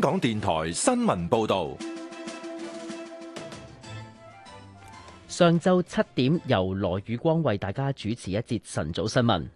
香港電臺新聞報道：上晝七點，由羅宇光為大家主持一節晨早新聞。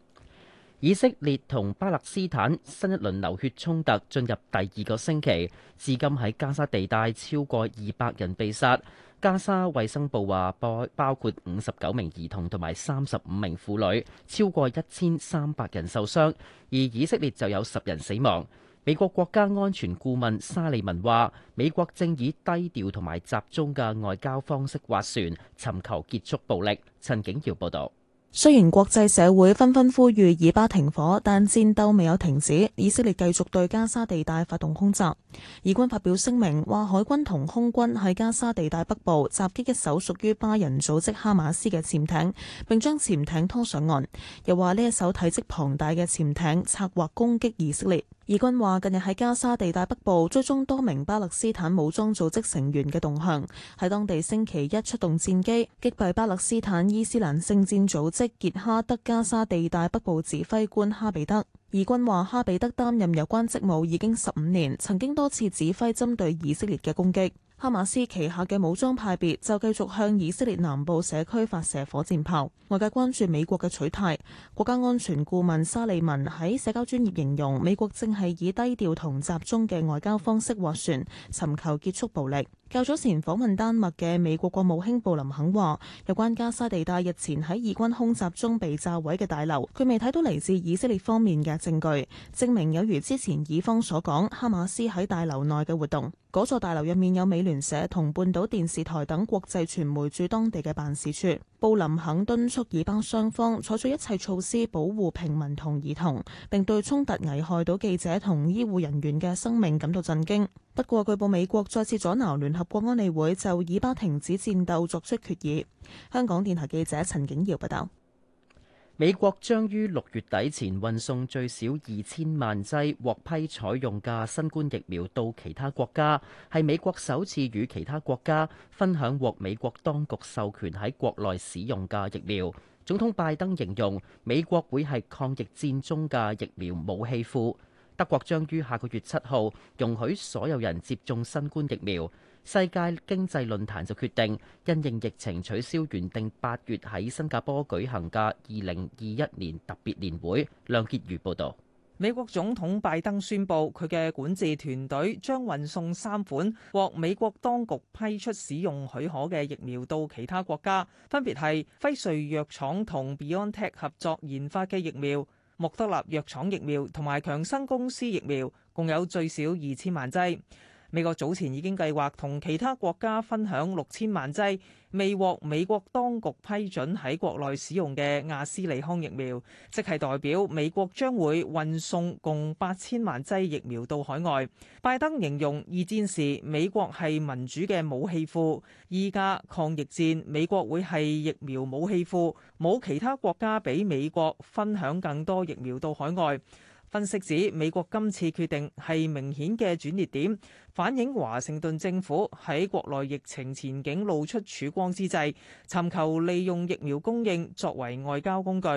以色列同巴勒斯坦新一輪流血衝突進入第二個星期，至今喺加沙地帶超過二百人被殺。加沙衛生部話包包括五十九名兒童同埋三十五名婦女，超過一千三百人受傷，而以色列就有十人死亡。美國國家安全顧問沙利文話，美國正以低調同埋集中嘅外交方式斡旋，尋求結束暴力。陳景耀報道。雖然國際社會紛紛呼籲以巴停火，但戰鬥未有停止。以色列繼續對加沙地帶發動空襲。以軍發表聲明話，海軍同空軍喺加沙地帶北部襲擊一艘屬於巴人組織哈馬斯嘅潛艇，並將潛艇拖上岸。又話呢一艘體積龐大嘅潛艇策劃攻擊以色列。以軍話：近日喺加沙地帶北部追蹤多名巴勒斯坦武裝組織成員嘅動向，喺當地星期一出動戰機擊斃巴勒斯坦伊斯蘭聖戰組織傑哈德加沙地帶北部指揮官哈比德。以軍話：哈比德擔任有關職務已經十五年，曾經多次指揮針對以色列嘅攻擊。哈馬斯旗下嘅武裝派別就繼續向以色列南部社區發射火箭炮。外界關注美國嘅取態，國家安全顧問沙利文喺社交專業形容美國正係以低調同集中嘅外交方式斡旋，尋求結束暴力。較早前訪問丹麥嘅美國國務卿布林肯話：有關加沙地帶日前喺以軍空襲中被炸毀嘅大樓，佢未睇到嚟自以色列方面嘅證據，證明有如之前以方所講，哈馬斯喺大樓內嘅活動。嗰座大樓入面有美聯社同半島電視台等國際傳媒駐當地嘅辦事處。布林肯敦促以巴雙方採取一切措施保護平民同兒童，並對沖突危害到記者同醫護人員嘅生命感到震驚。不過，據報美國再次阻撓聯合國安理會就以巴停止戰鬥作出決議。香港電台記者陳景耀報道。美國將於六月底前運送最少二千萬劑獲批採用嘅新冠疫苗到其他國家，係美國首次與其他國家分享獲美國當局授權喺國內使用嘅疫苗。總統拜登形容，美國會係抗疫戰中嘅疫苗武器庫。德國將於下個月七號容許所有人接種新冠疫苗。世界經濟論壇就決定因應疫情取消原定八月喺新加坡舉行嘅二零二一年特別年會。梁潔如報導，美國總統拜登宣布，佢嘅管治團隊將運送三款獲美國當局批出使用許可嘅疫苗到其他國家，分別係輝瑞藥廠同 BioNTech 合作研發嘅疫苗、莫德納藥，藥廠疫苗同埋強生公司疫苗，共有最少二千萬劑。美國早前已經計劃同其他國家分享六千萬劑未獲美國當局批准喺國內使用嘅亞斯利康疫苗，即係代表美國將會運送共八千萬劑疫苗到海外。拜登形容二戰時美國係民主嘅武器庫，依家抗疫戰美國會係疫苗武器庫，冇其他國家比美國分享更多疫苗到海外。分析指，美國今次決定係明顯嘅轉捩點，反映華盛頓政府喺國內疫情前景露出曙光之際，尋求利用疫苗供應作為外交工具。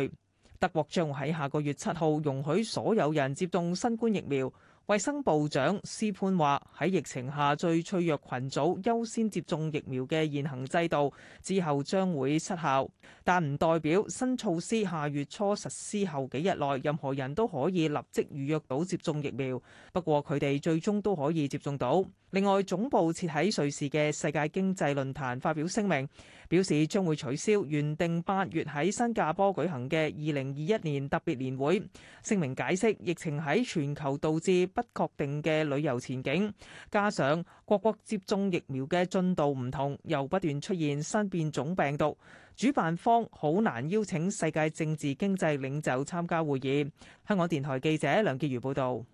德國將會喺下個月七號容許所有人接種新冠疫苗。衛生部長施潘話，喺疫情下最脆弱群組優先接種疫苗嘅現行制度之後將會失效，但唔代表新措施下月初實施後幾日內任何人都可以立即預約到接種疫苗。不過佢哋最終都可以接種到。另外，總部設喺瑞士嘅世界經濟論壇發表聲明，表示將會取消原定八月喺新加坡舉行嘅二零二一年特別年會。聲明解釋疫情喺全球導致不確定嘅旅遊前景，加上各國接種疫苗嘅進度唔同，又不斷出現新變種病毒，主辦方好難邀請世界政治經濟領袖參加會議。香港電台記者梁潔如報導。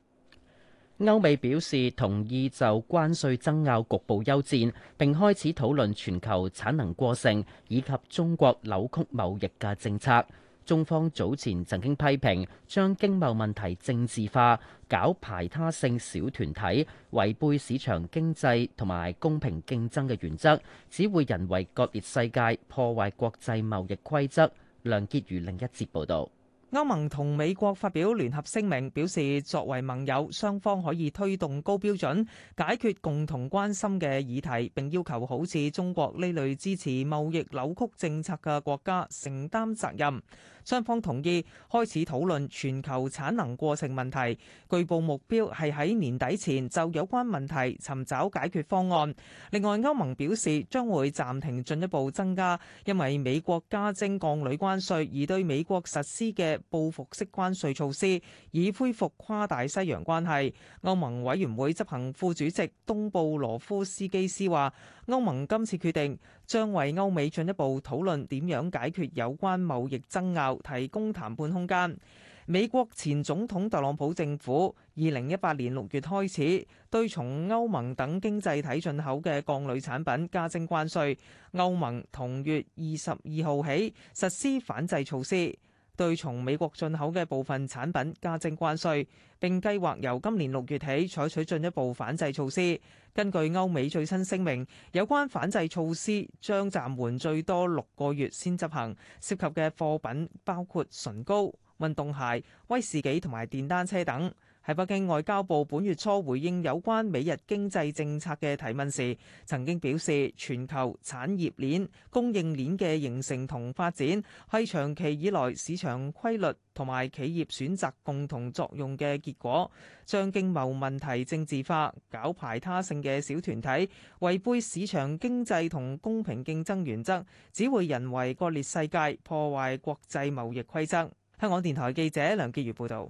歐美表示同意就關稅爭拗局部休戰，並開始討論全球產能過剩以及中國扭曲貿易嘅政策。中方早前曾經批評將經貿問題政治化、搞排他性小團體，違背市場經濟同埋公平競爭嘅原則，只會人為割裂世界、破壞國際貿易規則。梁潔如另一節報導。歐盟同美國發表聯合聲明，表示作為盟友，雙方可以推動高標準解決共同關心嘅議題，並要求好似中國呢類支持貿易扭曲政策嘅國家承擔責任。雙方同意開始討論全球產能過剩問題，據報目標係喺年底前就有關問題尋找解決方案。另外，歐盟表示將會暫停進一步增加，因為美國加徵鋼鋁關稅而對美國實施嘅。報復式關稅措施，以恢復跨大西洋關係。歐盟委員會執行副主席東布羅夫斯基斯話，歐盟今次決定將為歐美進一步討論點樣解決有關貿易爭拗提供談判空間。美國前總統特朗普政府二零一八年六月開始對從歐盟等經濟體進口嘅鋼鋁產品加徵關稅，歐盟同月二十二號起實施反制措施。對從美國進口嘅部分產品加徵關稅，並計劃由今年六月起採取進一步反制措施。根據歐美最新聲明，有關反制措施將暫緩最多六個月先執行，涉及嘅貨品包括唇膏、運動鞋、威士忌同埋電單車等。喺北京外交部本月初回應有關美日經濟政策嘅提問時，曾經表示：全球產業鏈、供應鏈嘅形成同發展係長期以來市場規律同埋企業選擇共同作用嘅結果。將經貿問題政治化、搞排他性嘅小團體，違背市場經濟同公平競爭原則，只會人為割裂世界，破壞國際貿易規則，香港電台記者梁潔如報道。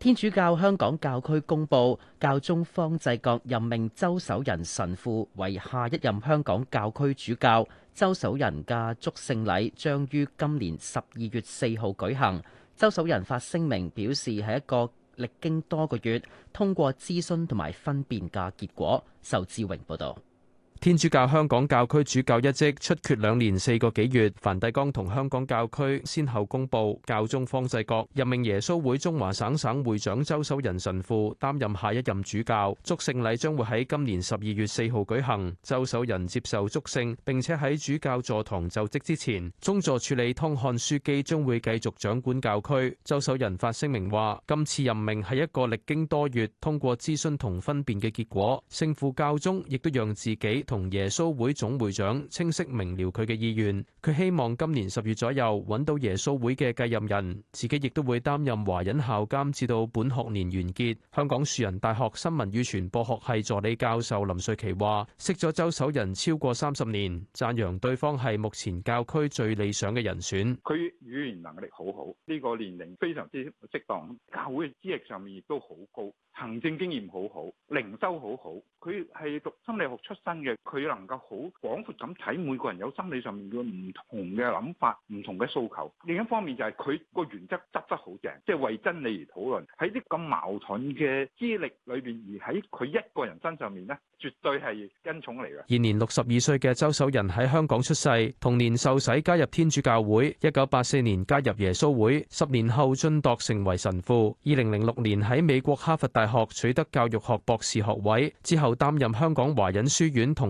天主教香港教區公布，教宗方濟各任命周守仁神父為下一任香港教區主教。周守仁嘅祝聖禮將於今年十二月四號舉行。周守仁發聲明表示，係一個歷經多個月、通過諮詢同埋分辨嘅結果。受志榮報道。天主教香港教區主教一職出缺兩年四個幾月，梵蒂岡同香港教區先後公布教宗方濟各任命耶穌會中華省省會長周守仁神父擔任下一任主教。祝聖禮將會喺今年十二月四號舉行。周守仁接受祝聖，並且喺主教座堂就職之前，宗座署理湯漢樞機將會繼續掌管教區。周守仁發聲明話：今次任命係一個歷經多月，通過諮詢同分辨嘅結果。聖父教宗亦都讓自己。同耶穌會總會長清晰明了佢嘅意願，佢希望今年十月左右揾到耶穌會嘅繼任人，自己亦都會擔任華仁校監至到本學年完結。香港樹仁大學新聞與傳播學系助理教授林瑞琪話：識咗周守仁超過三十年，讚揚對方係目前教區最理想嘅人選。佢語言能力好好，呢個年齡非常之適當，教會資歷上面亦都好高，行政經驗好好，靈修好好。佢係讀心理學出身嘅。佢能夠好廣闊咁睇每個人有心理上面嘅唔同嘅諗法、唔同嘅訴求。另一方面就係佢個原則執得好正，即係為真理而討論。喺呢咁矛盾嘅資歷裏邊，而喺佢一個人身上面咧，絕對係恩寵嚟嘅。現年六十二歲嘅周守仁喺香港出世，同年受洗加入天主教會，一九八四年加入耶穌會，十年後晉鐸成為神父。二零零六年喺美國哈佛大學取得教育學博士學位，之後擔任香港華仁書院同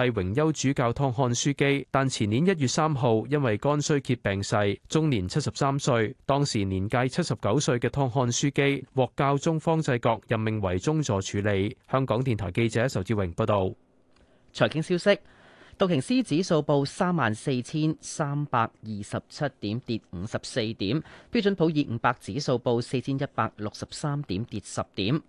係榮休主教湯漢樞機，但前年一月三號因為肝衰竭病逝，終年七十三歲。當時年屆七十九歲嘅湯漢樞機獲教宗方濟各任命為宗座署理。香港電台記者仇志榮報道。財經消息：道瓊斯指數報三萬四千三百二十七點，跌五十四點；標準普爾五百指數報四千一百六十三點，跌十點。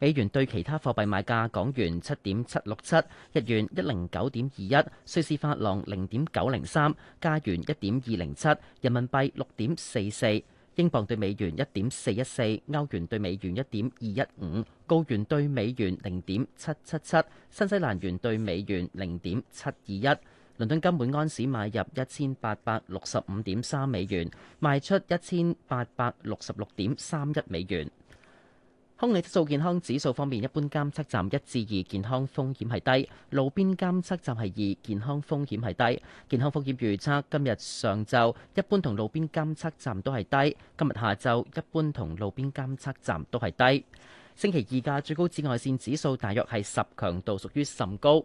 美元兌其他貨幣買價：港元七點七六七，日元一零九點二一，瑞士法郎零點九零三，加元一點二零七，人民幣六點四四，英鎊對美元一點四一四，歐元對美元一點二一五，澳元對美元零點七七七，新西蘭元對美元零點七二一。倫敦金每安士買入一千八百六十五點三美元，賣出一千八百六十六點三一美元。空氣質素健康指數方面，一般監測站一至二，健康風險係低；路邊監測站係二，健康風險係低。健康風險預測今日上晝一般同路邊監測站都係低，今日下晝一般同路邊監測站都係低。星期二嘅最高紫外線指數大約係十，強度屬於甚高。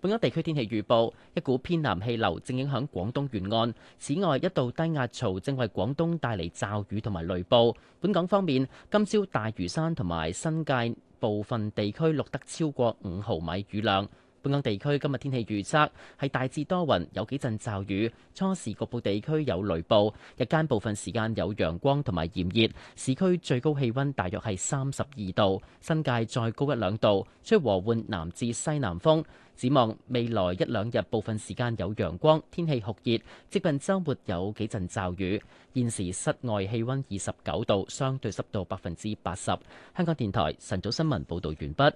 本港地區天氣預報，一股偏南氣流正影響廣東沿岸。此外，一道低壓槽正為廣東帶嚟驟雨同埋雷暴。本港方面，今朝大嶼山同埋新界部分地區錄得超過五毫米雨量。本港地區今日天氣預測，係大致多雲有幾陣驟雨，初時局部地區有雷暴，日間部分時間有陽光同埋炎熱，市區最高氣溫大約係三十二度，新界再高一兩度。吹和緩南至西南風，展望未來一兩日部分時間有陽光，天氣酷熱，接近周末有幾陣驟雨。現時室外氣溫二十九度，相對濕度百分之八十。香港電台晨早新聞報道完畢。